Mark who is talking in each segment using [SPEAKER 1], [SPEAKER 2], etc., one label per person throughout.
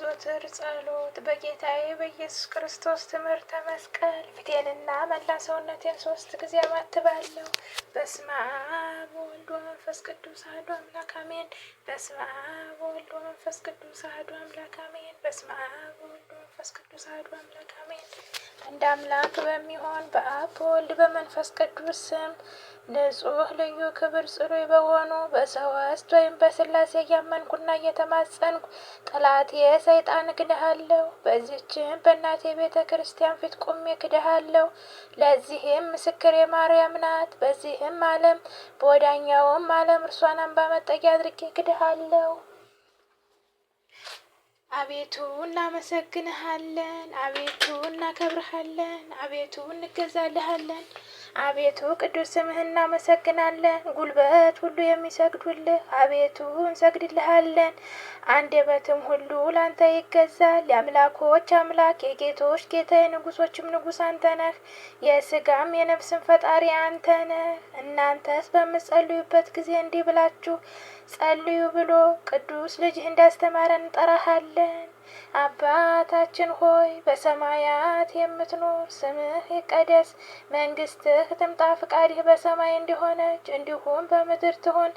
[SPEAKER 1] የዘወትር ጸሎት በጌታዬ በኢየሱስ ክርስቶስ ትምህርተ መስቀል ፊቴንና መላ ሰውነቴን ሶስት ጊዜ አማትባለሁ። በስመ አብ ወልድ ወመንፈስ ቅዱስ አሐዱ አምላክ አሜን። በስመ አብ ወልድ ወመንፈስ ቅዱስ አሐዱ አምላክ አሜን። በስመ አብ በመንፈስ ቅዱስ አሐዱ አምላክ አሜን። አንድ አምላክ በሚሆን በአብ በወልድ በመንፈስ ቅዱስ ስም ንጹህ ልዩ ክብር ጽሩይ በሆኑ በሰዋስት ወይም በስላሴ እያመንኩና እየተማጸንኩ ጠላቴ ሰይጣን ክድሃለሁ፣ በዚችም በእናቴ ቤተ ክርስቲያን ፊት ቁሜ ክድሃለሁ። ለዚህም ምስክሬ ማርያም ናት። በዚህም ዓለም በወዳኛውም ዓለም እርሷን አምባ መጠጊያ አድርጌ ክድሃለሁ። አቤቱ እናመሰግንሃለን፣ አቤቱ እናከብርሃለን፣ አቤቱ እንገዛልሃለን አቤቱ ቅዱስ ስምህ እናመሰግናለን። ጉልበት ሁሉ የሚሰግዱልህ አቤቱ እንሰግድልሃለን። አንደበትም ሁሉ ላንተ ይገዛል። የአምላኮች አምላክ የጌቶች ጌታ የንጉሶችም ንጉስ አንተ ነህ። የስጋም የነፍስም ፈጣሪ አንተ ነህ። እናንተስ በምትጸልዩበት ጊዜ እንዲህ ብላችሁ ጸልዩ ብሎ ቅዱስ ልጅህ እንዳስተማረን እንጠራሃለን። አባታችን ሆይ በሰማያት የምትኖር ስምህ ይቀደስ፣ መንግስትህ ትምጣ፣ ፍቃድህ በሰማይ እንደሆነች እንዲሁም በምድር ትሆን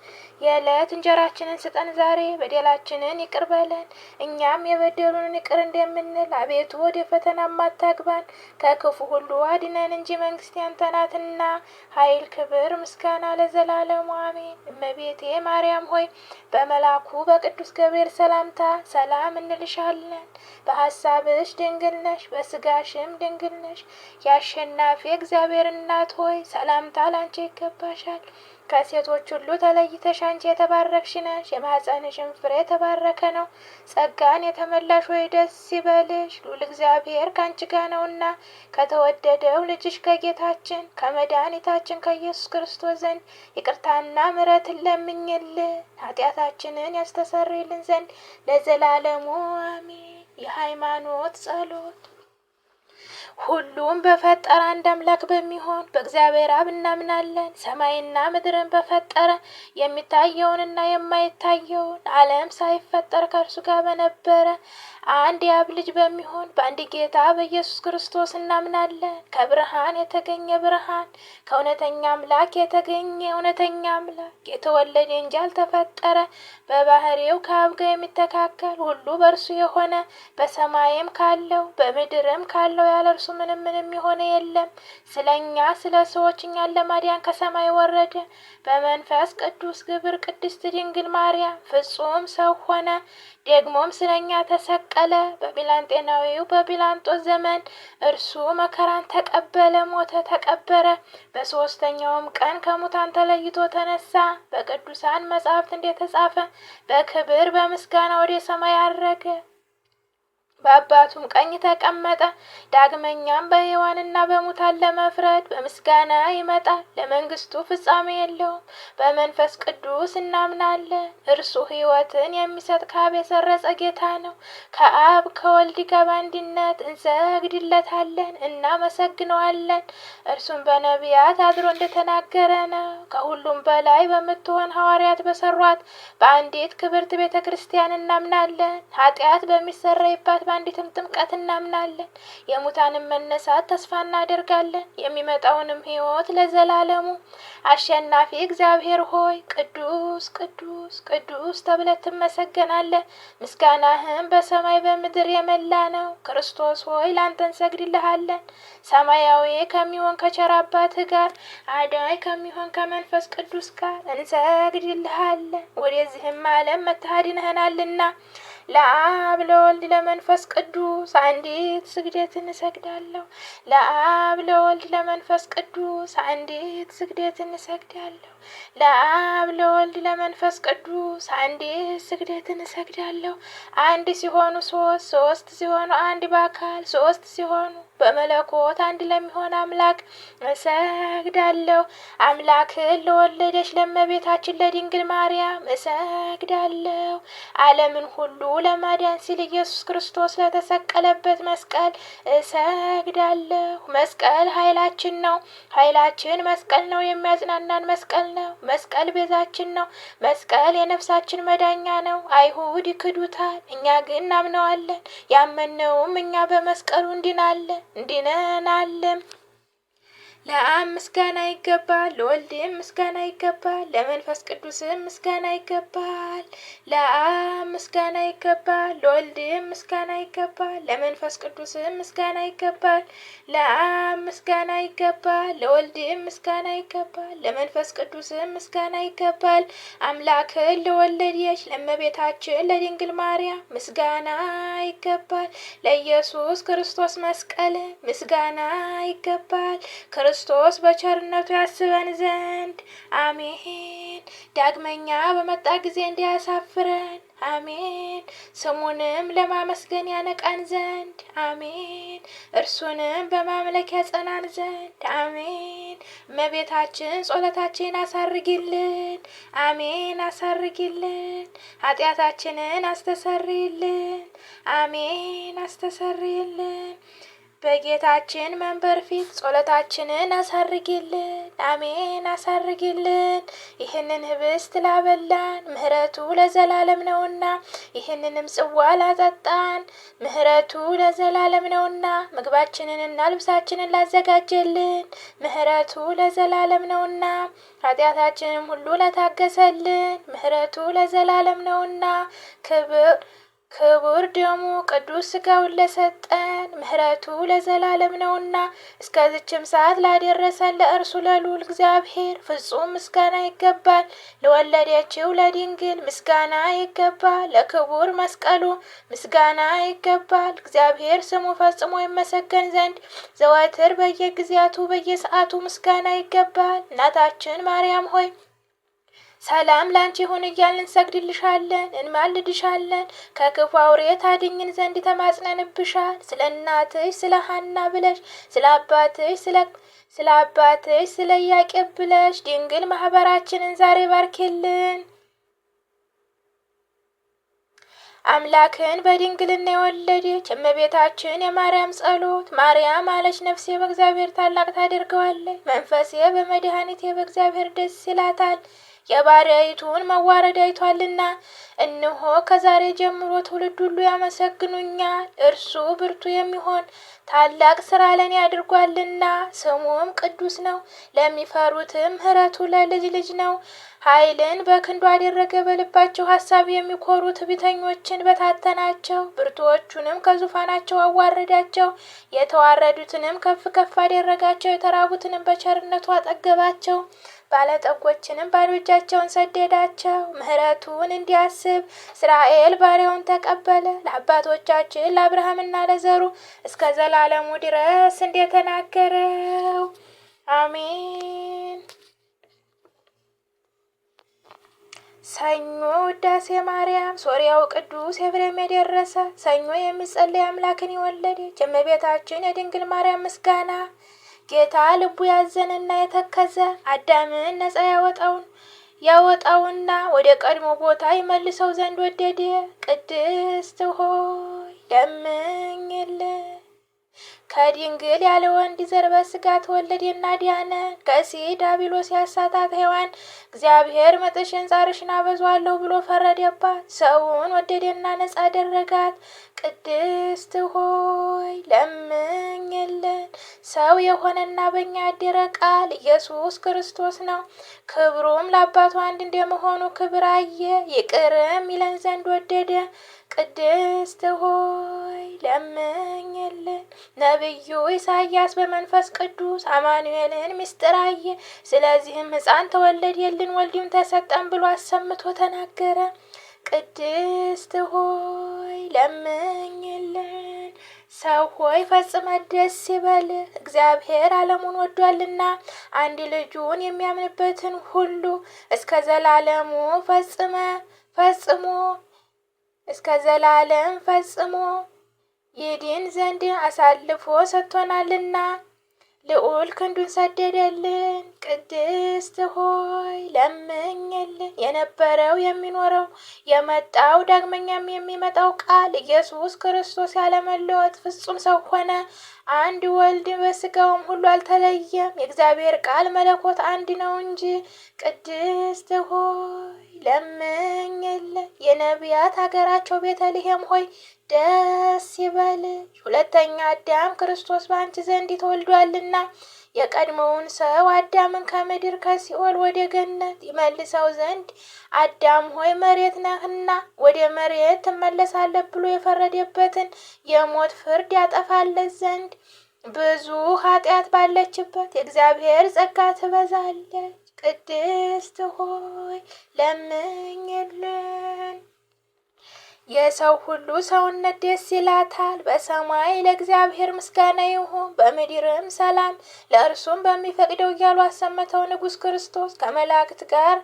[SPEAKER 1] የዕለት እንጀራችንን ስጠን ዛሬ፣ በደላችንን ይቅር በለን እኛም የበደሉንን ይቅር እንደምንል፣ አቤቱ ወደ ፈተና ማታግባን፣ ከክፉ ሁሉ አድነን እንጂ መንግስት ያንተ ናትና፣ ኃይል፣ ክብር፣ ምስጋና ለዘላለሙ አሜን። እመቤቴ ማርያም ሆይ በመላኩ በቅዱስ ገብርኤል ሰላምታ ሰላም እንልሻለን። ነን። በሀሳብሽ ድንግል ነሽ፣ በስጋሽም ድንግል ነሽ። የአሸናፊ እግዚአብሔር እናት ሆይ ሰላምታ ላንቺ ይገባሻል። ከሴቶች ሁሉ ተለይተሽ አንቺ የተባረክሽ ነሽ፣ የማኅፀንሽን ፍሬ የተባረከ ነው። ጸጋን የተመላሽ ወይ ደስ ይበልሽ፣ ሉል እግዚአብሔር ከአንቺ ጋር ነውና ከተወደደው ልጅሽ ከጌታችን ከመድኃኒታችን ከኢየሱስ ክርስቶስ ዘንድ ይቅርታና ምሕረትን ለምኝልን ኃጢአታችንን ያስተሰርይልን ዘንድ ለዘላለሙ አሜን። የሃይማኖት ጸሎት ሁሉም በፈጠረ አንድ አምላክ በሚሆን በእግዚአብሔር አብ እናምናለን። ሰማይና ምድርን በፈጠረ የሚታየውንና የማይታየውን ዓለም ሳይፈጠር ከእርሱ ጋር በነበረ አንድ የአብ ልጅ በሚሆን በአንድ ጌታ በኢየሱስ ክርስቶስ እናምናለን። ከብርሃን የተገኘ ብርሃን፣ ከእውነተኛ አምላክ የተገኘ እውነተኛ አምላክ፣ የተወለደ እንጂ አልተፈጠረ፣ በባህሪው ከአብ ጋር የሚተካከል ሁሉ በእርሱ የሆነ በሰማይም ካለው በምድርም ካለው ያለ እርሱ እሱ ምንም ምንም የሆነ የለም። ስለኛ ስለ ሰዎች እኛን ለማዳን ከሰማይ ወረደ። በመንፈስ ቅዱስ ግብር ቅድስት ድንግል ማርያም ፍጹም ሰው ሆነ። ደግሞም ስለኛ ተሰቀለ። በቢላንጤናዊው በቢላንጦ ዘመን እርሱ መከራን ተቀበለ፣ ሞተ፣ ተቀበረ። በሶስተኛውም ቀን ከሙታን ተለይቶ ተነሳ። በቅዱሳን መጻሕፍት እንደተጻፈ በክብር በምስጋና ወደ ሰማይ አረገ። በአባቱም ቀኝ ተቀመጠ። ዳግመኛም በሕያዋንና በሙታን ለመፍረድ በምስጋና ይመጣል። ለመንግስቱ ፍጻሜ የለውም። በመንፈስ ቅዱስ እናምናለን። እርሱ ሕይወትን የሚሰጥ ከአብ የሰረጸ ጌታ ነው። ከአብ ከወልድ ከባንድነት በአንድነት እንሰግድለታለን፣ እናመሰግነዋለን። እርሱም በነቢያት አድሮ እንደተናገረ ነው። ከሁሉም በላይ በምትሆን ሐዋርያት በሰሯት በአንዲት ክብርት ቤተ ክርስቲያን እናምናለን። ኃጢአት በሚሰረይባት በአንዲትም ጥምቀት እናምናለን። የሙታንም መነሳት ተስፋ እናደርጋለን። የሚመጣውንም ሕይወት ለዘላለሙ አሸናፊ እግዚአብሔር ሆይ ቅዱስ ቅዱስ ቅዱስ ተብለ ትመሰገናለህ። ምስጋናህም በሰማይ በምድር የመላ ነው። ክርስቶስ ሆይ ላንተ እንሰግድልሃለን። ሰማያዊ ከሚሆን ከቸር አባትህ ጋር አዳይ ከሚሆን ከመንፈስ ቅዱስ ጋር እንሰግድልሃለን። ወደዚህም ዓለም መታደንህናልና ለአብ ለወልድ ለመንፈስ ቅዱስ አንዲት ስግደትን እሰግዳለሁ። ለአብ ለወልድ ለመንፈስ ቅዱስ አንዲት ስግደትን እሰግዳለሁ። ለአብ ለወልድ ለመንፈስ ቅዱስ አንዲት ስግደትን እሰግዳለሁ። አንድ ሲሆኑ ሶስት ሶስት ሲሆኑ አንድ በአካል ሶስት ሲሆኑ በመለኮት አንድ ለሚሆን አምላክ እሰግዳለሁ። አምላክን ለወለደች ለመቤታችን ለድንግል ማርያም እሰግዳለሁ። ዓለምን ሁሉ ለማዳን ሲል ኢየሱስ ክርስቶስ ለተሰቀለበት መስቀል እሰግዳለሁ። መስቀል ኃይላችን ነው። ኃይላችን መስቀል ነው። የሚያጽናናን መስቀል ነው። መስቀል ቤዛችን ነው። መስቀል የነፍሳችን መዳኛ ነው። አይሁድ ይክዱታል፣ እኛ ግን እናምነዋለን። ያመነውም እኛ በመስቀሉ እንድናለን። እንዲህ ነን ለአብ ምስጋና ይገባል፣ ለወልድም ምስጋና ይገባል፣ ለመንፈስ ቅዱስም ምስጋና ይገባል። ለአብ ምስጋና ይገባል፣ ለወልድም ምስጋና ይገባል፣ ለመንፈስ ቅዱስም ምስጋና ይገባል። ለአብ ምስጋና ይገባል፣ ለወልድም ምስጋና ይገባል፣ ለመንፈስ ቅዱስም ምስጋና ይገባል። አምላክን ለወለደች ለእመቤታችን ለድንግል ማርያም ምስጋና ይገባል። ለኢየሱስ ክርስቶስ መስቀል ምስጋና ይገባል። ክርስቶስ በቸርነቱ ያስበን ዘንድ አሜን። ዳግመኛ በመጣ ጊዜ እንዲያሳፍረን አሜን። ስሙንም ለማመስገን ያነቃን ዘንድ አሜን። እርሱንም በማምለክ ያጸናን ዘንድ አሜን። እመቤታችን ጸሎታችን አሳርጊልን አሜን። አሳርጊልን ኃጢአታችንን አስተሰርይልን አሜን። አስተሰርይልን በጌታችን መንበር ፊት ጸሎታችንን አሳርግልን፣ አሜን አሳርግልን። ይህንን ህብስት ላበላን ምህረቱ ለዘላለም ነውና፣ ይህንንም ጽዋ ላጠጣን ምህረቱ ለዘላለም ነውና፣ ምግባችንንና ልብሳችንን ላዘጋጀልን ምህረቱ ለዘላለም ነውና፣ ኃጢአታችንም ሁሉ ለታገሰልን ምህረቱ ለዘላለም ነውና ክብር ክቡር ደሙ ቅዱስ ስጋውን ለሰጠን ምሕረቱ ለዘላለም ነውና እስከዚችም ሰዓት ላደረሰን ለእርሱ ለልዑል እግዚአብሔር ፍጹም ምስጋና ይገባል። ለወለደችው ለድንግል ምስጋና ይገባል። ለክቡር መስቀሉ ምስጋና ይገባል። እግዚአብሔር ስሙ ፈጽሞ ይመሰገን ዘንድ ዘወትር በየጊዜያቱ በየሰዓቱ ምስጋና ይገባል። እናታችን ማርያም ሆይ ሰላም ላንቺ ይሁን እያልን እንሰግድልሻለን፣ እንማልድሻለን። ከክፉ አውሬ ታድኝን ዘንድ ተማጽነንብሻል። ስለ እናትሽ ስለ ሀና ብለሽ ስለ አባትሽ ስለ ስለ አባትሽ ስለ ብለሽ ድንግል ማህበራችንን ዛሬ ባርኬልን። አምላክን በድንግልና የወለደች እመቤታችን የማርያም ጸሎት ማርያም አለች ነፍሴ በእግዚአብሔር ታላቅ ታደርገዋለች፣ መንፈሴ በመድኃኒቴ በእግዚአብሔር ደስ ይላታል። የባሪያይቱን መዋረድ አይቷልና። እንሆ ከዛሬ ጀምሮ ትውልድ ሁሉ ያመሰግኑኛል። እርሱ ብርቱ የሚሆን ታላቅ ስራ ለኔ አድርጓልና፣ ስሙም ቅዱስ ነው። ለሚፈሩትም ምሕረቱ ለልጅ ልጅ ነው። ኃይልን በክንዱ አደረገ። በልባቸው ሀሳብ የሚኮሩ ትዕቢተኞችን በታተናቸው። ብርቱዎቹንም ከዙፋናቸው አዋረዳቸው። የተዋረዱትንም ከፍ ከፍ አደረጋቸው። የተራቡትንም በቸርነቱ አጠገባቸው። ባለጠጎችንም ባዶ እጃቸውን ሰደዳቸው። ምሕረቱን እንዲያስብ እስራኤል ባሪያውን ተቀበለ። ለአባቶቻችን ለአብርሃምና ለዘሩ እስከ ዘላለሙ ድረስ እንደተናገረው አሜን። ሰኞ ውዳሴ ማርያም ሶሪያው ቅዱስ ኤፍሬም የደረሰ ሰኞ የሚጸለይ አምላክን የወለደች እመቤታችን የድንግል ማርያም ምስጋና ጌታ ልቡ ያዘነና የተከዘ አዳምን ነፃ ያወጣውን ያወጣውና ወደ ቀድሞ ቦታ ይመልሰው ዘንድ ወደደ። ቅድስት ሆይ ለምኝልን። ከድንግል ያለ ወንድ ዘር በሥጋ ተወለደና ዳነ። ከሴት ዲያብሎስ ያሳታት ሔዋን እግዚአብሔር ምጥሽን ጻርሽን አበዟለሁ ብሎ ፈረደባት። ሰውን ወደደና ነጻ አደረጋት። ቅድስት ሆይ ለምኝልን። ሰው የሆነና በእኛ ያደረ ቃል ኢየሱስ ክርስቶስ ነው። ክብሩም ለአባቱ አንድ እንደመሆኑ ክብር አየ። ይቅርም ይለን ዘንድ ወደደ። ቅድስት ሆይ ለምኝልን። ነቢዩ ኢሳያስ በመንፈስ ቅዱስ አማኑኤልን ምስጢር አየ፣ ስለዚህም ሕፃን ተወለደልን ወልድም ተሰጠን ብሎ አሰምቶ ተናገረ። ቅድስት ሆይ ለምኝልን። ሰው ሆይ ፈጽመ ደስ ይበልህ፣ እግዚአብሔር ዓለሙን ወዷልና አንድ ልጁን የሚያምንበትን ሁሉ እስከ ዘላለሙ ፈጽመ ፈጽሞ እስከ ዘላለም ፈጽሞ ይድን ዘንድ አሳልፎ ሰጥቶናልና ልዑል ክንዱን ሰደደልን። ቅድስት ሆይ ለምኝልን። የነበረው የሚኖረው የመጣው ዳግመኛም የሚመጣው ቃል ኢየሱስ ክርስቶስ ያለመለወጥ ፍጹም ሰው ሆነ። አንድ ወልድ በስጋውም ሁሉ አልተለየም። የእግዚአብሔር ቃል መለኮት አንድ ነው እንጂ። ቅድስት ሆይ ለምኝ የነቢያት ሀገራቸው ቤተልሔም ሆይ ደስ ይበልሽ፣ ሁለተኛ አዳም ክርስቶስ በአንቺ ዘንድ ተወልዷልና የቀድሞውን ሰው አዳምን ከምድር ከሲኦል ወደ ገነት ይመልሰው ዘንድ አዳም ሆይ መሬት ነህና ወደ መሬት ትመለሳለህ ብሎ የፈረደበትን የሞት ፍርድ ያጠፋለት ዘንድ ብዙ ኃጢአት ባለችበት የእግዚአብሔር ጸጋ ትበዛለች። ቅድስት ሆይ ለምኝልን። የሰው ሁሉ ሰውነት ደስ ይላታል። በሰማይ ለእግዚአብሔር ምስጋና ይሁን፣ በምድርም ሰላም ለእርሱም በሚፈቅደው እያሉ አሰምተው ንጉሥ ክርስቶስ ከመላእክት ጋር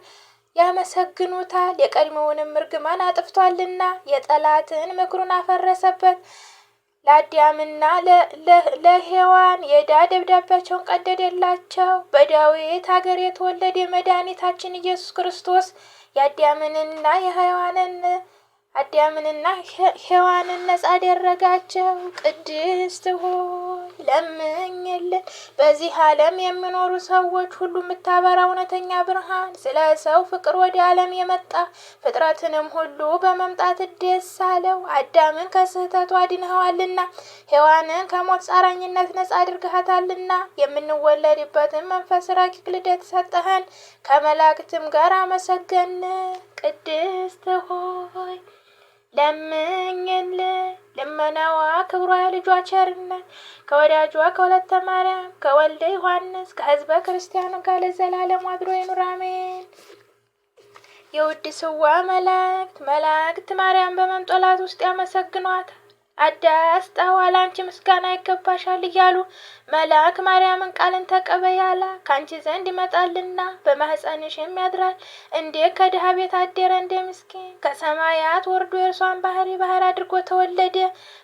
[SPEAKER 1] ያመሰግኑታል። የቀድሞውንም እርግማን አጥፍቷልና የጠላትን ምክሩን አፈረሰበት። ለአዳምና ለሔዋን የዕዳ ደብዳቤያቸውን ቀደደላቸው። በዳዊት ሀገር የተወለደ የመድኃኒታችን ኢየሱስ ክርስቶስ የአዳምንና የሔዋንን አዳምንና ሔዋንን ነጻ አደረጋቸው። ቅድስት ሆይ ለምኝልን። በዚህ ዓለም የሚኖሩ ሰዎች ሁሉ የምታበራ እውነተኛ ብርሃን፣ ስለ ሰው ፍቅር ወደ ዓለም የመጣ ፍጥረትንም ሁሉ በመምጣት ደስ አለው። አዳምን ከስህተቱ አድንኸዋልና ሔዋንን ከሞት ጻራኝነት ነጻ አድርግሃታልና የምንወለድበትን መንፈስ ረቂቅ ልደት ሰጠኸን። ከመላእክትም ጋር አመሰገን። ቅድስት ሆይ ለምኝል ልመናዋ ክብሯ ልጇ ቸርነት ከወዳጇ ከሁለተ ማርያም ከወልደ ዮሐንስ ከህዝበ ክርስቲያኑ ጋር ለዘላለም አድሮ ይኑር አሜን። የውድ ስዋ መላእክት መላእክት ማርያም በመንጦላት ውስጥ ያመሰግኗታል። አዳስ ጣዋላ አንቺ ምስጋና ይገባሻል እያሉ መልአክ ማርያምን ቃልን ተቀበያላ ከአንቺ ዘንድ ይመጣልና በማህፀንሽ የሚያድራል እንዴ ከድሃ ቤት አደረ እንደ ምስኪን ከሰማያት ወርዶ የእርሷን ባህሪ ባህር አድርጎ ተወለደ።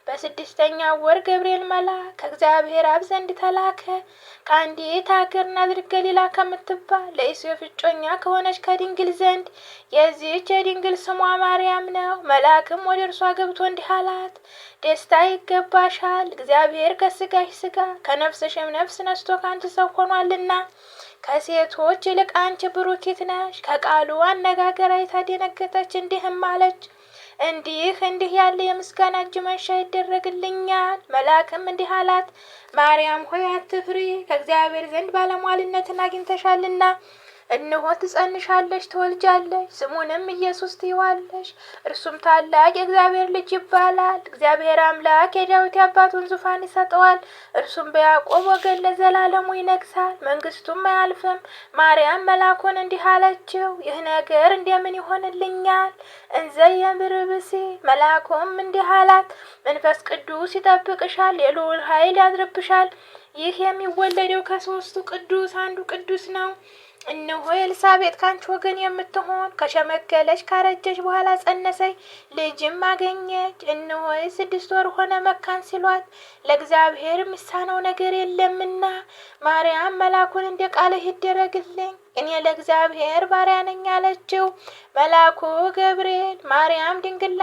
[SPEAKER 1] በስድስተኛ ወር ገብርኤል መልአክ ከእግዚአብሔር አብ ዘንድ ተላከ ከአንዲት ሀገር ናዝሬት ገሊላ ከምትባል ለኢዮሴፍ እጮኛ ከሆነች ከድንግል ዘንድ የዚች የድንግል ስሟ ማርያም ነው። መልአክም ወደ እርሷ ገብቶ እንዲህ አላት ደስታ ይገባሻል። እግዚአብሔር ከስጋሽ ስጋ ከነፍስሽም ነፍስ ነስቶ ከአንቺ ሰው ሆኗልና ከሴቶች ይልቅ አንቺ ብሩኪት ነሽ። ከቃሉ አነጋገር አይታ ደነገጠች፣ እንዲህም አለች እንዲህ እንዲህ ያለ የምስጋና እጅ መንሻ ይደረግልኛል። መልአክም እንዲህ አላት፣ ማርያም ሆይ አትፍሪ፣ ከእግዚአብሔር ዘንድ ባለሟልነትን አግኝተሻልና እነሆ ትጸንሻለሽ፣ ትወልጃለሽ፣ ስሙንም ኢየሱስ ትይዋለሽ። እርሱም ታላቅ የእግዚአብሔር ልጅ ይባላል። እግዚአብሔር አምላክ የዳዊት አባቱን ዙፋን ይሰጠዋል። እርሱም በያዕቆብ ወገን ለዘላለሙ ይነግሳል፣ መንግስቱም አያልፍም። ማርያም መላኩን እንዲህ አለችው፣ ይህ ነገር እንደምን ይሆንልኛል? እንዘ የብርብሲ መላኩም እንዲህ አላት፣ መንፈስ ቅዱስ ይጠብቅሻል፣ የልዑል ኃይል ያድርብሻል። ይህ የሚወለደው ከሶስቱ ቅዱስ አንዱ ቅዱስ ነው። እነሆ ኤልሳቤጥ ካንቺ ወገን የምትሆን ከሸመገለች ካረጀች በኋላ ጸነሰች፣ ልጅም አገኘች። እነሆ ስድስት ወር ሆነ መካን ሲሏት ለእግዚአብሔር የሚሳነው ነገር የለምና ማርያም መላኩን እንደ ቃልህ ይደረግልኝ እኔ ለእግዚአብሔር ባሪያ ነኝ አለችው። መላኩ ገብርኤል ማርያም ድንግል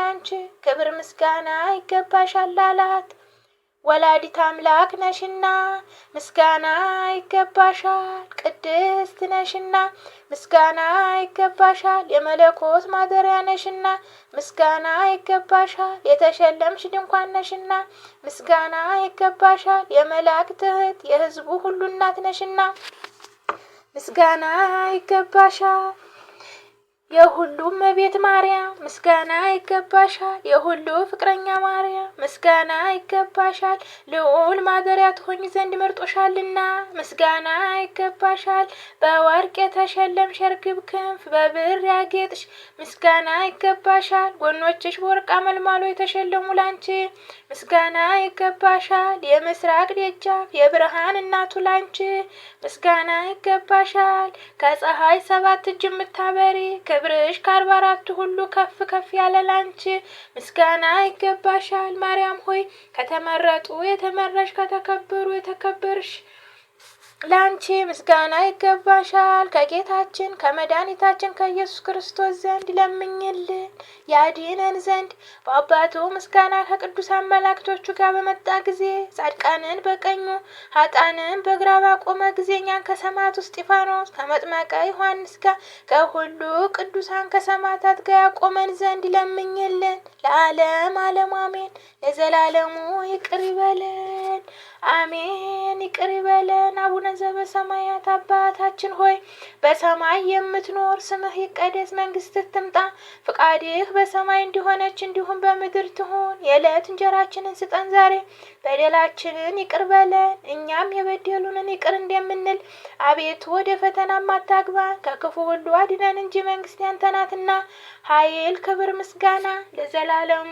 [SPEAKER 1] ክብር ምስጋና ይገባሻል አላት። ወላዲት አምላክ ነሽና ምስጋና ይገባሻል። ቅድስት ነሽና ምስጋና ይገባሻል። የመለኮት ማደሪያ ነሽና ምስጋና ይገባሻል። የተሸለምሽ ድንኳን ነሽና ምስጋና ይገባሻል። የመላእክት እህት የሕዝቡ ሁሉ እናት ነሽና ምስጋና ይገባሻል። የሁሉም ቤት ማርያም ምስጋና ይገባሻል። የሁሉ ፍቅረኛ ማርያም ምስጋና ይገባሻል። ልዑል ማደሪያ ትሆኝ ዘንድ መርጦሻልና ምስጋና ይገባሻል። በወርቅ የተሸለምሽ እርግብ ክንፍ በብር ያጌጥሽ ምስጋና ይገባሻል። ጎኖችሽ በወርቅ አመልማሎ የተሸለሙ ላንቺ ምስጋና ይገባሻል የምስራቅ ደጃፍ የብርሃን እናቱ ላንቺ ምስጋና ይገባሻል ከፀሐይ ሰባት እጅ የምታበሪ ክብርሽ ከአርባ አራቱ ሁሉ ከፍ ከፍ ያለ ላንቺ ምስጋና ይገባሻል ማርያም ሆይ ከተመረጡ የተመረሽ ከተከበሩ የተከበርሽ ለአንቺ ምስጋና ይገባሻል። ከጌታችን ከመድኃኒታችን ከኢየሱስ ክርስቶስ ዘንድ ለምኝልን ያድነን ዘንድ በአባቱ ምስጋና ከቅዱሳን መላእክቶቹ ጋር በመጣ ጊዜ ጻድቃንን በቀኙ ኃጥአንን በግራ ባቆመ ጊዜ እኛን ከሰማዕቱ እስጢፋኖስ ከመጥመቀ ዮሐንስ ጋር ከሁሉ ቅዱሳን ከሰማዕታት ጋር ያቆመን ዘንድ ለምኝልን። ለዓለም ዓለም አሜን። ለዘላለሙ ይቅር ይበለን። አሜን። ይቅር ይበለን። አቡነ ዘበሰማያት አባታችን ሆይ በሰማይ የምትኖር ስምህ ይቀደስ፣ መንግስትህ ትምጣ፣ ፍቃድህ በሰማይ እንዲሆነች እንዲሁም በምድር ትሁን። የዕለት እንጀራችንን ስጠን ዛሬ፣ በደላችንን ይቅር በለን እኛም የበደሉንን ይቅር እንደምንል፣ አቤቱ ወደ ፈተና አታግባን ከክፉ ሁሉ አድነን እንጂ መንግስት ያንተ ናትና፣ ኃይል፣ ክብር፣ ምስጋና ለዘላለሙ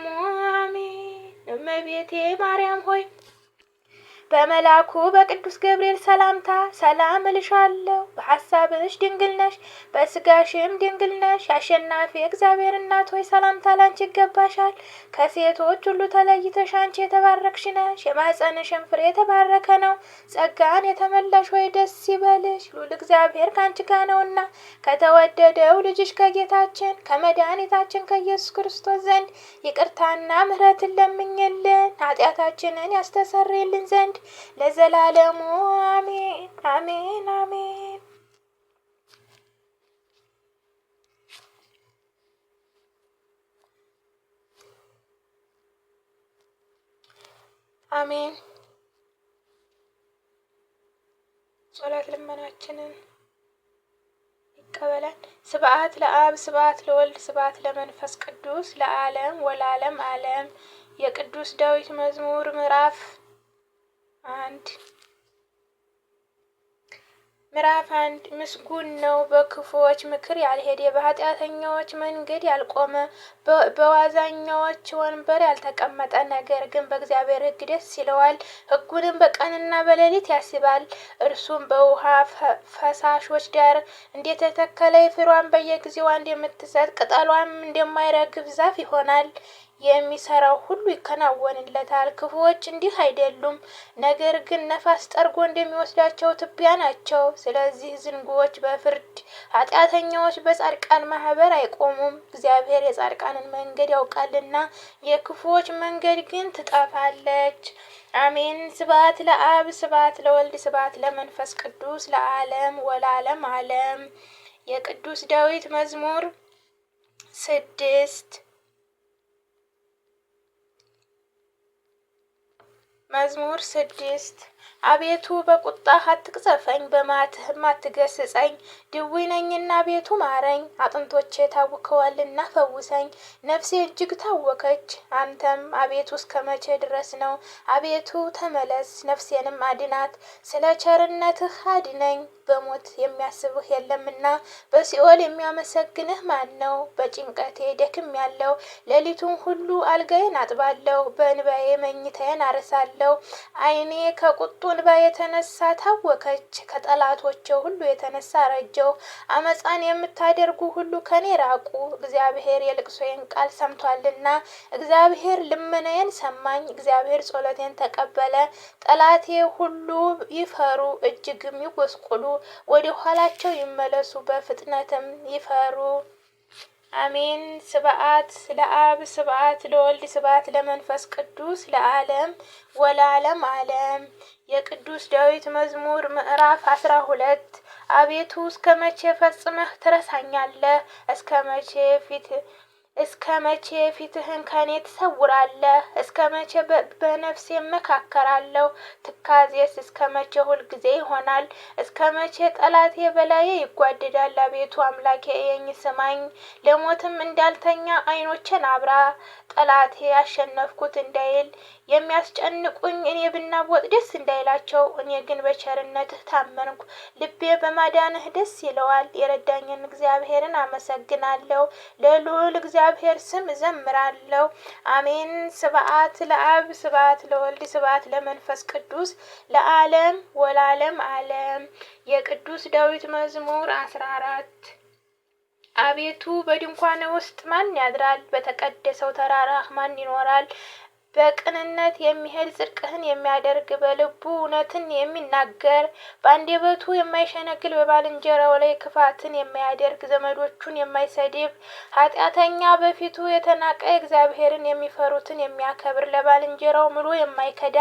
[SPEAKER 1] አሜን። እመቤቴ ማርያም ሆይ በመላኩ በቅዱስ ገብርኤል ሰላምታ ሰላም እልሻለሁ፣ በሐሳብሽ ድንግል ነሽ፣ በስጋሽም ድንግል ነሽ። አሸናፊ እግዚአብሔር እናት ሆይ ሰላምታ ላንቺ ይገባሻል። ከሴቶች ሁሉ ተለይተሽ አንቺ የተባረክሽ ነሽ፣ የማኅፀንሽም ፍሬ የተባረከ ነው። ጸጋን የተመለሽ ሆይ ደስ ይበልሽ፣ ሉል እግዚአብሔር ከአንቺ ጋር ነውና ከተወደደው ልጅሽ ከጌታችን ከመድኃኒታችን ከኢየሱስ ክርስቶስ ዘንድ ይቅርታና ምሕረትን ለምኝልን ኃጢአታችንን ያስተሰርይልን ዘንድ ለዘላለሙ አሜን አሜን አሜን። አሜን። ጸሎት ልመናችንን ይቀበላል። ስብዓት ለአብ ስብዓት ለወልድ ስብዓት ለመንፈስ ቅዱስ ለዓለም ወላለም ዓለም። የቅዱስ ዳዊት መዝሙር ምዕራፍ አንድ ምዕራፍ አንድ ምስጉን ነው በክፉዎች ምክር ያልሄደ በኃጢአተኛዎች መንገድ ያልቆመ በዋዛኛዎች ወንበር ያልተቀመጠ ነገር ግን በእግዚአብሔር ሕግ ደስ ይለዋል ሕጉንም በቀንና በሌሊት ያስባል። እርሱም በውሃ ፈሳሾች ዳር እንደተተከለ ፍሯን በየጊዜዋ እንደምትሰጥ ቅጠሏም እንደማይረግፍ ዛፍ ይሆናል። የሚሰራው ሁሉ ይከናወንለታል። ክፉዎች እንዲህ አይደሉም፣ ነገር ግን ነፋስ ጠርጎ እንደሚወስዳቸው ትቢያ ናቸው። ስለዚህ ዝንጉዎች በፍርድ ኃጢአተኛዎች በጻድቃን ማህበር አይቆሙም። እግዚአብሔር የጻድቃንን መንገድ ያውቃልና የክፉዎች መንገድ ግን ትጠፋለች። አሜን። ስብሐት ለአብ ስብሐት ለወልድ ስብሐት ለመንፈስ ቅዱስ ለዓለም ወላለም ዓለም። የቅዱስ ዳዊት መዝሙር ስድስት መዝሙር ስድስት አቤቱ በቁጣህ አትቅሰፈኝ በመዓትህም አትገስጸኝ። ድውይ ነኝና አቤቱ ማረኝ፣ አጥንቶቼ ታውከዋልና ፈውሰኝ። ነፍሴ እጅግ ታወከች። አንተም አቤቱ እስከ መቼ ድረስ ነው? አቤቱ ተመለስ፣ ነፍሴንም አድናት። ስለ ቸርነትህ አድነኝ። በሞት የሚያስብህ የለምና በሲኦል የሚያመሰግንህ ማን ነው? በጭንቀቴ ደክም ያለው ሌሊቱን ሁሉ አልጋዬን አጥባለሁ በእንባዬ መኝታዬን አርሳለሁ። አይኔ ከቁጡ እንባ የተነሳ ታወከች ከጠላቶቼ ሁሉ የተነሳ ረጀው አመፃን የምታደርጉ ሁሉ ከኔ ራቁ እግዚአብሔር የልቅሶዬን ቃል ሰምቷልና። እግዚአብሔር ልመናዬን ሰማኝ እግዚአብሔር ጸሎቴን ተቀበለ። ጠላቴ ሁሉ ይፈሩ እጅግም ይጎስቁሉ ወደ ኋላቸው ይመለሱ በፍጥነትም ይፈሩ። አሜን። ስብዓት ለአብ ስብዓት ለወልድ ስብዓት ለመንፈስ ቅዱስ ለዓለም ወለዓለም ዓለም። የቅዱስ ዳዊት መዝሙር ምዕራፍ አስራ ሁለት አቤቱ እስከ መቼ ፈጽመህ ትረሳኛለህ? እስከ መቼ ፊት እስከ መቼ ፊትህን ከኔ ትሰውራለህ? እስከ መቼ በነፍሴ እመካከራለሁ? ትካዜስ እስከ መቼ ሁልጊዜ ይሆናል? እስከ መቼ ጠላቴ በላዬ ይጓደዳል? አቤቱ አምላኬ እየኝ ስማኝ፣ ለሞትም እንዳልተኛ አይኖቼን አብራ። ጠላቴ አሸነፍኩት እንዳይል የሚያስጨንቁኝ እኔ ብናወጥ ደስ እንዳይላቸው፣ እኔ ግን በቸርነትህ ታመንኩ፣ ልቤ በማዳንህ ደስ ይለዋል። የረዳኝን እግዚአብሔርን አመሰግናለሁ፣ ለልዑል እግዚአብሔር ስም እዘምራለሁ። አሜን። ስብዓት ለአብ ስብዓት ለወልድ ስብዓት ለመንፈስ ቅዱስ ለዓለም ወላለም ዓለም። የቅዱስ ዳዊት መዝሙር አስራ አራት አቤቱ በድንኳን ውስጥ ማን ያድራል? በተቀደሰው ተራራህ ማን ይኖራል? በቅንነት የሚሄድ ጽድቅህን የሚያደርግ በልቡ እውነትን የሚናገር በአንደበቱ የማይሸነግል በባልንጀራው ላይ ክፋትን የማያደርግ ዘመዶቹን የማይሰድብ ኃጢአተኛ በፊቱ የተናቀ እግዚአብሔርን የሚፈሩትን የሚያከብር ለባልንጀራው ምሎ የማይከዳ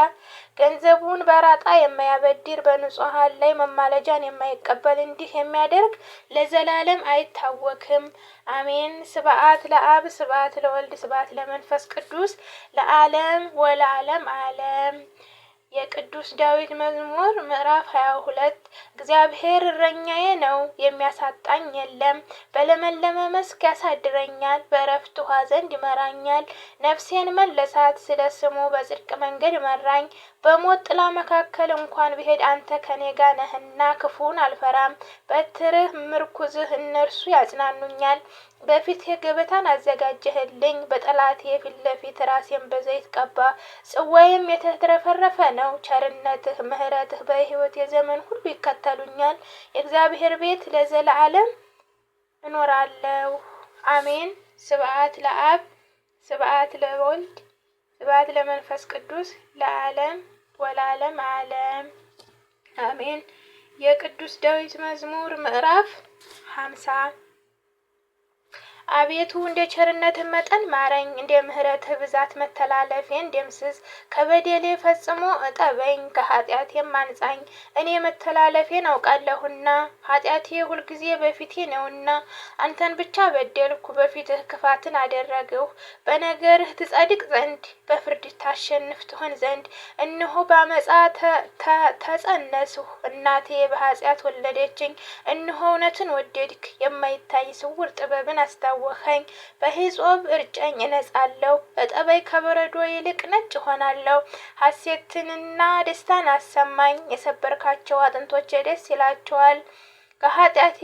[SPEAKER 1] ገንዘቡን በራጣ የማያበድር በንጹሐን ላይ መማለጃን የማይቀበል እንዲህ የሚያደርግ ለዘላለም አይታወክም። አሜን። ስብዓት ለአብ ስብዓት ለወልድ ስብዓት ለመንፈስ ቅዱስ ለዓለም ዓለም ወለዓለም ዓለም የቅዱስ ዳዊት መዝሙር ምዕራፍ 22 እግዚአብሔር እረኛዬ ነው የሚያሳጣኝ የለም። በለመለመ መስክ ያሳድረኛል፣ በእረፍት ውሃ ዘንድ ይመራኛል። ነፍሴን መለሳት፣ ስለ ስሙ በጽድቅ መንገድ መራኝ። በሞት ጥላ መካከል እንኳን ብሄድ አንተ ከኔ ጋር ነህና ክፉን አልፈራም። በትርህ ምርኩዝህ እነርሱ ያጽናኑኛል። በፊት ገበታን አዘጋጀህልኝ በጠላቴ ፊት ለፊት ራሴን በዘይት ቀባ። ጽዋዬም የተትረፈረፈ ነው። ቸርነትህ ምሕረትህ በሕይወት የዘመን ሁሉ ይከተሉኛል። የእግዚአብሔር ቤት ለዘለዓለም እኖራለሁ። አሜን። ስብዓት ለአብ ስብዓት ለወልድ ስብዓት ለመንፈስ ቅዱስ ለዓለም ወላለም ዓለም አሜን። የቅዱስ ዳዊት መዝሙር ምዕራፍ ሀምሳ አቤቱ እንደ ቸርነት መጠን ማረኝ፣ እንደ ምሕረትህ ብዛት መተላለፌን ደምስስ። ከበደሌ ፈጽሞ እጠበኝ፣ ከኃጢአት የማንጻኝ። እኔ መተላለፌን አውቃለሁና ኃጢአቴ ሁልጊዜ በፊቴ ነውና። አንተን ብቻ በደልኩ፣ በፊትህ ክፋትን አደረግሁ። በነገርህ ትጸድቅ ዘንድ በፍርድ ታሸንፍ ትሆን ዘንድ። እነሆ በአመፃ ተጸነስሁ፣ እናቴ በኃጢአት ወለደችኝ። እነሆ እውነትን ወደድክ፣ የማይታይ ስውር ጥበብን አስታ ካላወኸኝ በሂጾብ እርጨኝ እነጻለሁ፣ እጠበይ ከበረዶ ይልቅ ነጭ ሆናለሁ። ሐሴትንና ደስታን አሰማኝ፣ የሰበርካቸው አጥንቶች ደስ ይላቸዋል። ከኃጢአቴ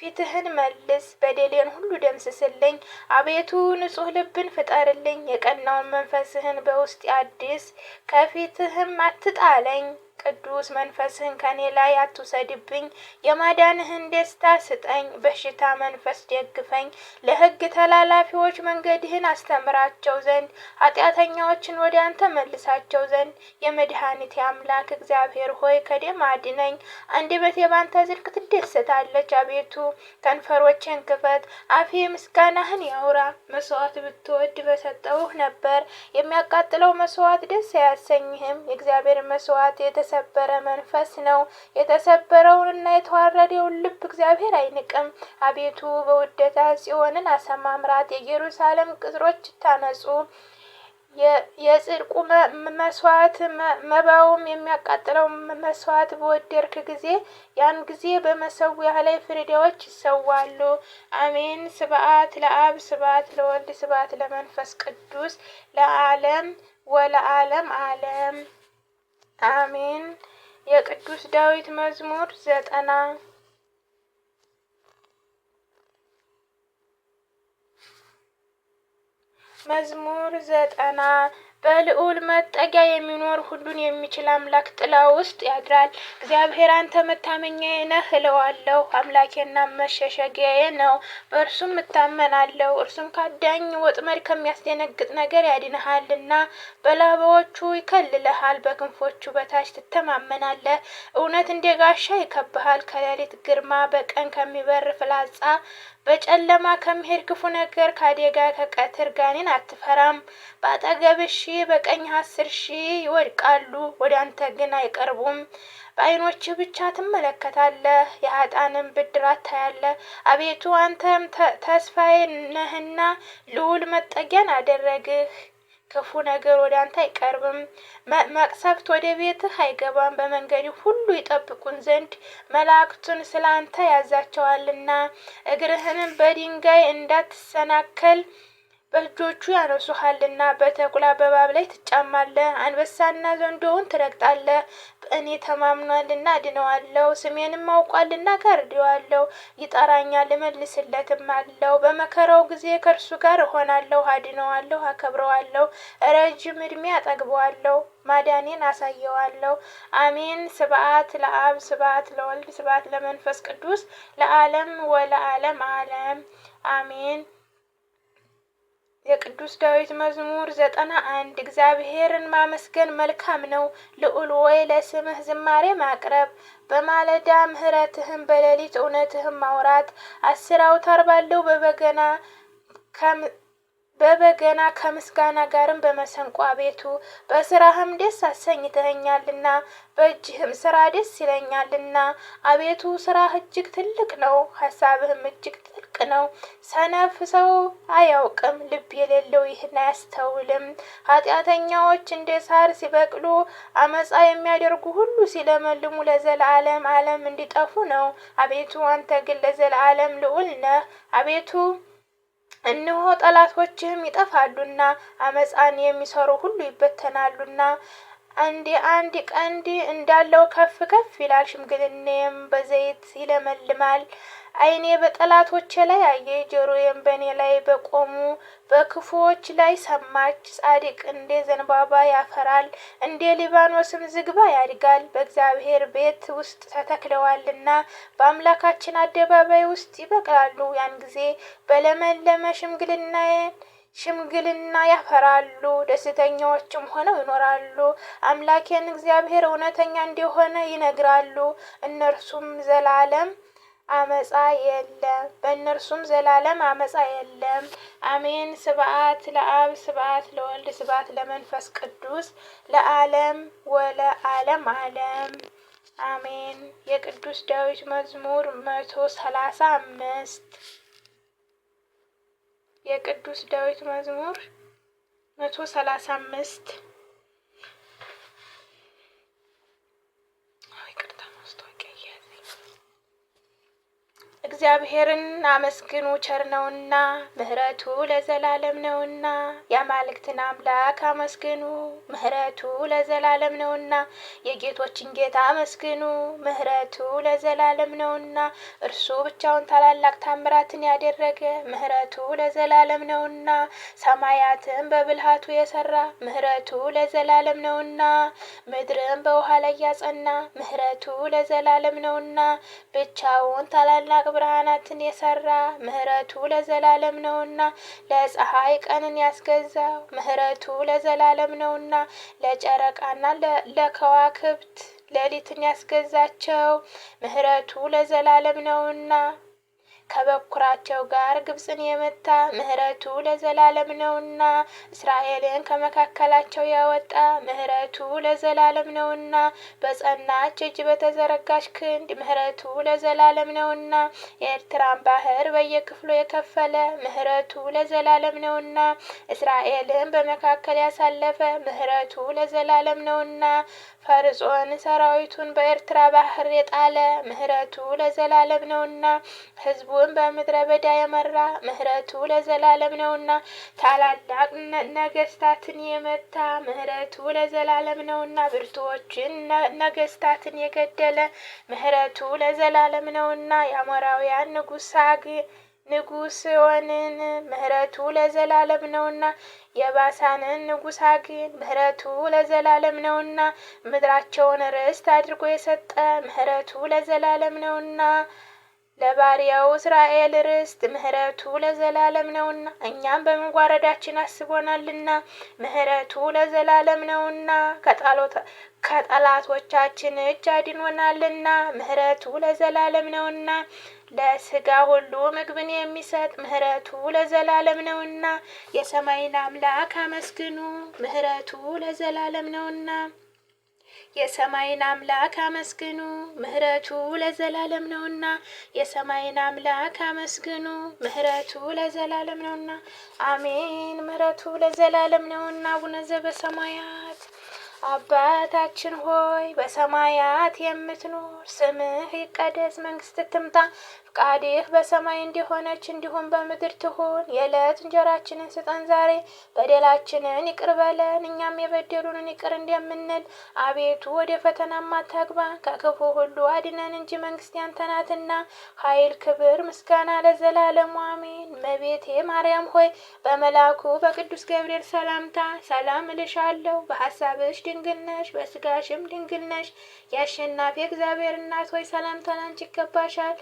[SPEAKER 1] ፊትህን መልስ፣ በደሌን ሁሉ ደምስስልኝ። አቤቱ ንጹሕ ልብን ፍጠርልኝ፣ የቀናውን መንፈስህን በውስጥ አድስ፣ ከፊትህም አትጣለኝ። ቅዱስ መንፈስህን ከኔ ላይ አትውሰድብኝ። የማዳንህን ደስታ ስጠኝ፣ በሽታ መንፈስ ደግፈኝ። ለሕግ ተላላፊዎች መንገድህን አስተምራቸው ዘንድ ኃጢአተኛዎችን ወደ አንተ መልሳቸው ዘንድ። የመድኃኒት አምላክ እግዚአብሔር ሆይ ከደም አድነኝ። አንደበቴ ባንተ ጽድቅ ትደሰታለች። አቤቱ ከንፈሮችን ክፈት፣ አፌ ምስጋናህን ያውራ። መስዋዕት ብትወድ በሰጠውህ ነበር፣ የሚያቃጥለው መስዋዕት ደስ አያሰኝህም። የእግዚአብሔር መስዋዕት የተሰ የተሰበረ መንፈስ ነው። የተሰበረውንና የተዋረደውን ልብ እግዚአብሔር አይንቅም። አቤቱ በውደታ ጽዮንን አሰማምራት፣ የኢየሩሳሌም ቅጥሮች ታነጹ። የጽድቁ መስዋዕት መባውም የሚያቃጥለው መስዋዕት በወደርክ ጊዜ ያን ጊዜ በመሰዊያ ላይ ፍሪዳዎች ይሰዋሉ። አሜን። ስብዓት ለአብ ስብዓት ለወልድ ስብዓት ለመንፈስ ቅዱስ ለዓለም ወለዓለም ዓለም አሜን። የቅዱስ ዳዊት መዝሙር ዘጠና መዝሙር ዘጠና በልዑል መጠጊያ የሚኖር ሁሉን የሚችል አምላክ ጥላ ውስጥ ያድራል። እግዚአብሔር አንተ መታመኛዬ ነህ እለዋለሁ፣ አምላኬና መሸሸጊያዬ ነው፣ በእርሱም እታመናለሁ። እርሱም ከአዳኝ ወጥመድ ከሚያስደነግጥ ነገር ያድንሃልና፣ በላባዎቹ ይከልልሃል፣ በክንፎቹ በታች ትተማመናለህ። እውነት እንደ ጋሻ ይከብሃል፣ ከሌሊት ግርማ በቀን ከሚበር ፍላጻ በጨለማ ከመሄድ ክፉ ነገር ከአደጋ ከቀትር ጋኔን አትፈራም። በአጠገብ ሺህ በቀኝ አስር ሺህ ይወድቃሉ፣ ወደ አንተ ግን አይቀርቡም። በአይኖች ብቻ ትመለከታለህ፣ የአጣንም ብድራት ታያለህ። አቤቱ አንተም ተስፋዬ ነህና ልዑል መጠጊያን አደረግህ። ክፉ ነገር ወደ አንተ አይቀርብም። መቅሰፍት ወደ ቤትህ አይገባም። በመንገድ ሁሉ ይጠብቁን ዘንድ መላእክቱን ስለ አንተ ያዛቸዋልና እግርህንም በድንጋይ እንዳትሰናከል በእጆቹ ያነሱሃልና በተኩላ በእባብ ላይ ትጫማለህ፣ አንበሳና ዘንዶውን ትረግጣለህ። እኔ ተማምኗልና ድነዋለው፣ ስሜንም አውቋልና ጋርደዋለው፣ ይጠራኛል ልመልስለትም አለው። በመከራው ጊዜ ከእርሱ ጋር እሆናለሁ፣ አድነዋለሁ፣ አከብረዋለሁ፣ ረጅም እድሜ አጠግበዋለሁ፣ ማዳኔን አሳየዋለሁ። አሜን። ስብዓት ለአብ ስብዓት ለወልድ ስብዓት ለመንፈስ ቅዱስ ለዓለም ወለዓለም ዓለም አሜን። የቅዱስ ዳዊት መዝሙር ዘጠና አንድ እግዚአብሔርን ማመስገን መልካም ነው፣ ልዑል ወይ ለስምህ ዝማሬ ማቅረብ። በማለዳ ምሕረትህን በሌሊት እውነትህን ማውራት። አስር አውታር ባለው በበገና በበገና ከምስጋና ጋርም በመሰንቆ አቤቱ በስራህም ደስ አሰኝተኸኛልና በእጅህም ስራ ደስ ይለኛልና። አቤቱ ስራህ እጅግ ትልቅ ነው፣ ሀሳብህም እጅግ ሀቅ ነው። ሰነፍ ሰው አያውቅም፣ ልብ የሌለው ይህን አያስተውልም። ኃጢአተኛዎች እንደ ሳር ሲበቅሉ፣ አመፃ የሚያደርጉ ሁሉ ሲለመልሙ ለዘላለም ዓለም እንዲጠፉ ነው። አቤቱ አንተ ግን ለዘላለም ልዑል ነህ። አቤቱ እነሆ ጠላቶችህም ይጠፋሉና አመፃን የሚሰሩ ሁሉ ይበተናሉና እንደ አንድ ቀንድ እንዳለው ከፍ ከፍ ይላል። ሽምግልናዬም በዘይት ይለመልማል። አይኔ በጠላቶቼ ላይ አየ፣ ጆሮዬም በእኔ ላይ በቆሙ በክፉዎች ላይ ሰማች። ጻድቅ እንደ ዘንባባ ያፈራል፣ እንደ ሊባኖስም ዝግባ ያድጋል። በእግዚአብሔር ቤት ውስጥ ተተክለዋልና በአምላካችን አደባባይ ውስጥ ይበቅላሉ። ያን ጊዜ በለመለመ ሽምግልና ሽምግልና ያፈራሉ፣ ደስተኛዎችም ሆነው ይኖራሉ። አምላኬን እግዚአብሔር እውነተኛ እንደሆነ ይነግራሉ፣ እነርሱም ዘላለም አመፃ የለም፣ በእነርሱም ዘላለም አመፃ የለም። አሜን። ስብዓት ለአብ ስብዓት ለወልድ ስብዓት ለመንፈስ ቅዱስ ለዓለም ወለ ዓለም ዓለም አሜን። የቅዱስ ዳዊት መዝሙር መቶ ሰላሳ አምስት የቅዱስ ዳዊት መዝሙር መቶ ሰላሳ አምስት እግዚአብሔርን አመስግኑ ቸር ነውና ምህረቱ ለዘላለም ነውና። የአማልክትን አምላክ አመስግኑ ምህረቱ ለዘላለም ነውና። የጌቶችን ጌታ አመስግኑ ምህረቱ ለዘላለም ነውና። እርሱ ብቻውን ታላላቅ ታምራትን ያደረገ ምህረቱ ለዘላለም ነውና። ሰማያትን በብልሃቱ የሰራ ምህረቱ ለዘላለም ነውና። ምድርን በውሃ ላይ ያጸና ምህረቱ ለዘላለም ነውና። ብቻውን ታላላቅ ብርሃን ብርሃናትን የሰራ ምህረቱ ለዘላለም ነውና ለፀሐይ ቀንን ያስገዛ ምህረቱ ለዘላለም ነውና ለጨረቃና ለከዋክብት ሌሊትን ያስገዛቸው ምህረቱ ለዘላለም ነውና ከበኩራቸው ጋር ግብፅን የመታ ምህረቱ ለዘላለም ነውና እስራኤልን ከመካከላቸው ያወጣ ምህረቱ ለዘላለም ነውና በጸናች እጅ በተዘረጋች ክንድ ምህረቱ ለዘላለም ነውና የኤርትራን ባህር በየክፍሉ የከፈለ ምህረቱ ለዘላለም ነውና እስራኤልን በመካከል ያሳለፈ ምህረቱ ለዘላለም ነውና ፈርዖን ሰራዊቱን በኤርትራ ባህር የጣለ ምህረቱ ለዘላለም ነውና ህዝቡ ያዕቆብን በምድረ በዳ የመራ ምህረቱ ለዘላለም ነውና ታላላቅ ነገስታትን የመታ ምህረቱ ለዘላለም ነውና ብርቱዎችን ነገስታትን የገደለ ምህረቱ ለዘላለም ነውና የአሞራውያን ንጉሥ ሳግ ንጉሥ ሆንን ለዘላለም ነውና የባሳንን ንጉስ አግን ምህረቱ ለዘላለም ነውና ምድራቸውን ርስት አድርጎ የሰጠ ምህረቱ ለዘላለም ነውና ለባሪያው እስራኤል ርስት ምሕረቱ ለዘላለም ነውና እኛም በመጓረዳችን አስቦናልና ምሕረቱ ለዘላለም ነውና ከጠላቶቻችን እጅ አድኖናልና ምሕረቱ ለዘላለም ነውና ለስጋ ሁሉ ምግብን የሚሰጥ ምሕረቱ ለዘላለም ነውና የሰማይን አምላክ አመስግኑ ምሕረቱ ለዘላለም ነውና የሰማይን አምላክ አመስግኑ ምህረቱ ለዘላለም ነውና። የሰማይን አምላክ አመስግኑ ምህረቱ ለዘላለም ነውና። አሜን ምህረቱ ለዘላለም ነውና። አቡነ ዘበሰማያት አባታችን ሆይ በሰማያት የምትኖር ስምህ ይቀደስ፣ መንግስት ትምጣ ፈቃድህ በሰማይ እንደሆነች እንዲሁም በምድር ትሁን። የዕለት እንጀራችንን ስጠን ዛሬ፣ በደላችንን ይቅር በለን እኛም የበደሉንን ይቅር እንደምንል፣ አቤቱ ወደ ፈተና አታግባን ከክፉ ሁሉ አድነን እንጂ መንግስት ያንተ ናትና፣ ኃይል፣ ክብር፣ ምስጋና ለዘላለሙ አሜን። መቤቴ ማርያም ሆይ በመላኩ በቅዱስ ገብርኤል ሰላምታ ሰላም እልሻለሁ። በሀሳብሽ ድንግል ነሽ፣ በስጋሽም ድንግል ነሽ። የአሸናፊ እግዚአብሔር እናት ሆይ ሰላምታ ላንቺ ይገባሻል።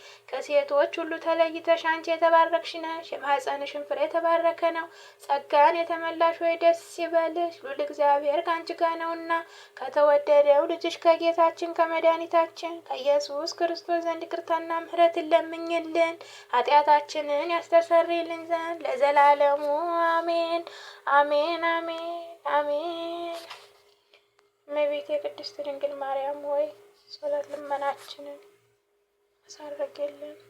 [SPEAKER 1] ከሴቶች ሁሉ ተለይተሽ አንቺ የተባረክሽ ነሽ፣ የማኅፀንሽን ፍሬ የተባረከ ነው። ጸጋን የተመላሽ ወይ ደስ ይበልሽ፣ ሉል እግዚአብሔር ከአንቺ ጋር ነውና ከተወደደው ልጅሽ ከጌታችን ከመድኃኒታችን ከኢየሱስ ክርስቶስ ዘንድ ይቅርታና ምሕረት ለምኝልን ኃጢአታችንን ያስተሰርይልን ዘንድ ለዘላለሙ አሜን አሜን አሜን አሜን። እመቤቴ ቅድስት ድንግል ማርያም ሆይ ጸሎት ልመናችንን ሳረገልን